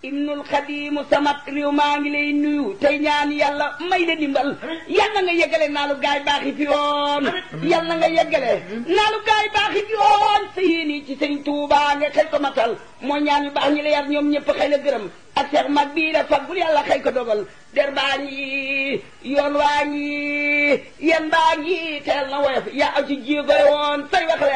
ibnul xadiimu samat réew maa ngi lay nuyu tey ñaan yàlla may la dimbal yal na nga yeggale naalu gaay baax yi fi woon yal na nga yeggale naalu gaay baax yi fi woon sa ko matal mooy ñaan yu baax ñëpp xëy la gërëm ak seex mag bii la wax la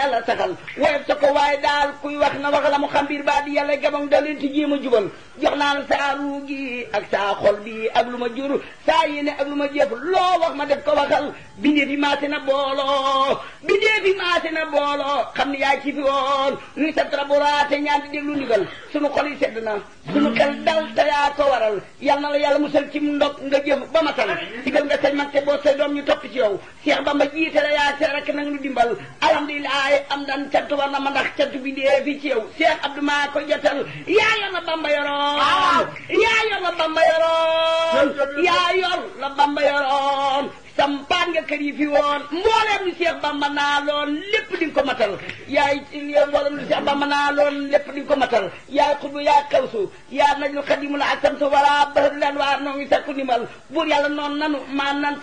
yàlla saxal woyof sa ko waaye daal kuy wax na wax la xambir baa di yàlla gabam da leen ti jéem a jubal jox naa la saa ruu gi ak saa xol bi ak lu ma jur saa yéene ak lu ma jëf loo wax ma def ko waxal bindee fi maase na booloo bindee fi maase na booloo xam ni yaay ci fi woon nuy sabtara boolaate ñaan di déglu ndigal sunu xol yi sedd na sunu xel dal te yaa ko waral yal na la yàlla musal ci ndog nga jëf ba matal digal nga sañ mag te boo say doom ñu topp ci yow Seex Bamba jiite la yaa sa rek nag nu dimbal alhamdulilah am daan cant war ma ndax cant bi fi ci yow Seex Abdou maa ko jotal yaa yor la Bamba yoroon yaa yor la Bamba yoroon yaa yor la Bamba yoroon sampaat nga kër yi fi woon ko matal yaay mbooleem lu Seex Bamba naa loon di ko matal yaay xutbu yaay xawsu yaa najul xadimul asamtu wala bërëb leen waa noo ngi sakku nimal buur yàlla noonu nanu maan nan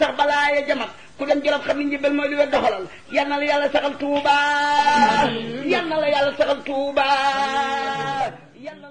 ya jamat ku dem jolof xam ni njëbal mooy ya wér doxalal yal na la yàlla saxal tuuba yal na la yàlla saxal tuuba